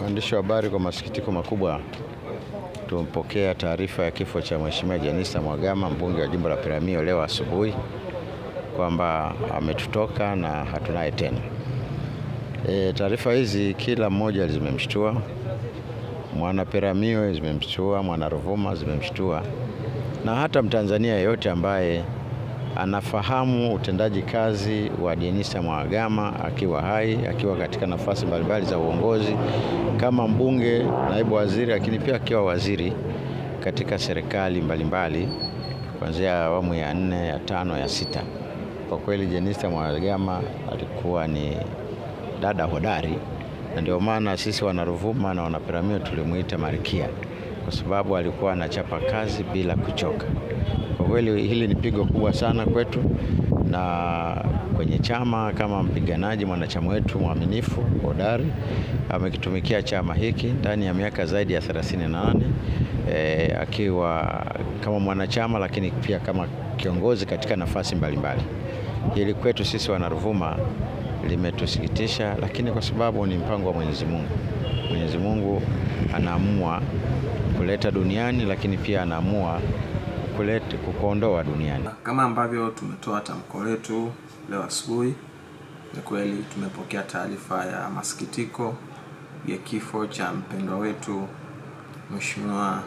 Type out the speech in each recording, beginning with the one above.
Waandishi wa habari, kwa masikitiko makubwa tumpokea taarifa ya kifo cha Mheshimiwa Jenista Mhagama, mbunge wa jimbo la Peramiho leo asubuhi kwamba ametutoka na hatunaye tena. E, taarifa hizi kila mmoja zimemshtua, mwana Peramiho zimemshtua, mwana Ruvuma zimemshtua na hata Mtanzania yeyote ambaye anafahamu utendaji kazi wa Jenista Mhagama akiwa hai, akiwa katika nafasi mbalimbali za uongozi kama mbunge, naibu waziri, lakini pia akiwa waziri katika serikali mbalimbali kuanzia awamu ya nne, ya tano, ya sita. Kwa kweli Jenista Mhagama alikuwa ni dada hodari, na ndio maana sisi Wanaruvuma na Wanapiramio tulimwita Malkia kwa sababu alikuwa anachapa kazi bila kuchoka. Kwa kweli hili ni pigo kubwa sana kwetu na kwenye chama, kama mpiganaji mwanachama wetu mwaminifu hodari amekitumikia chama hiki ndani ya miaka zaidi ya 38 e, eh, akiwa kama mwanachama lakini pia kama kiongozi katika nafasi mbalimbali mbali. Hili kwetu sisi wanaruvuma limetusikitisha, lakini kwa sababu ni mpango wa Mwenyezi Mungu. Mwenyezi Mungu anaamua kuleta duniani, lakini pia anaamua kuleta kukuondoa duniani. Kama ambavyo tumetoa tamko letu leo asubuhi, ni kweli tumepokea taarifa ya masikitiko ya kifo cha mpendwa wetu Mheshimiwa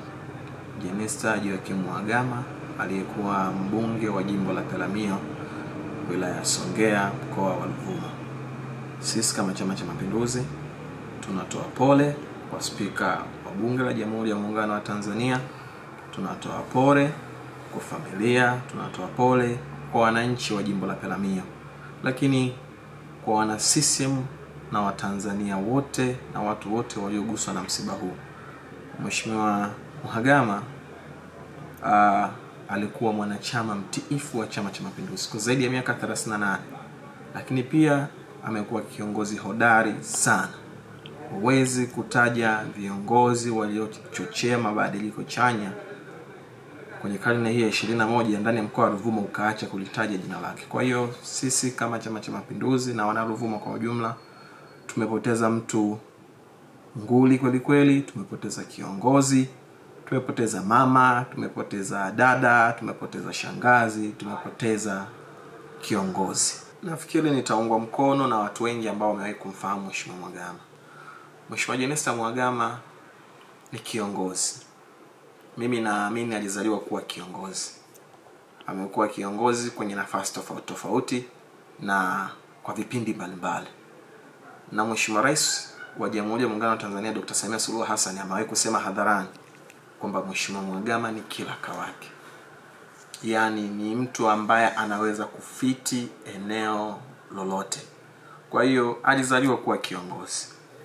Jenista Joakim Mhagama aliyekuwa mbunge wa jimbo la Peramiho wilaya ya Songea mkoa wa Ruvuma. Sisi kama Chama cha Mapinduzi tunatoa pole kwa Spika wa Bunge la Jamhuri ya Muungano wa Tanzania, tunatoa pole kwa familia, tunatoa pole kwa wananchi wa jimbo la Peramiho, lakini kwa wana CCM na Watanzania wote na watu wote walioguswa na msiba huu. Mheshimiwa Mhagama uh, alikuwa mwanachama mtiifu wa Chama cha Mapinduzi kwa zaidi ya miaka 38, lakini pia amekuwa kiongozi hodari sana. Huwezi kutaja viongozi waliochochea mabadiliko chanya kwenye karne hii ya ishirini na moja ndani ya mkoa wa Ruvuma ukaacha kulitaja jina lake. Kwa hiyo sisi kama Chama cha Mapinduzi na wana Ruvuma kwa ujumla tumepoteza mtu nguli kweli kweli, tumepoteza kiongozi, tumepoteza mama, tumepoteza dada, tumepoteza shangazi, tumepoteza kiongozi. Nafikiri nitaungwa mkono na watu wengi ambao wamewahi kumfahamu Mheshimiwa Mhagama. Mheshimiwa Jenista Mhagama ni kiongozi mimi naamini alizaliwa kuwa kiongozi. Amekuwa kiongozi kwenye nafasi tofauti tofauti na kwa vipindi mbalimbali, na Mheshimiwa Rais wa Jamhuri ya Muungano wa Tanzania Dr. Samia Suluhu Hassan amewahi kusema hadharani kwamba Mheshimiwa mwagama ni kiraka wake, yaani ni mtu ambaye anaweza kufiti eneo lolote. Kwa hiyo alizaliwa kuwa kiongozi.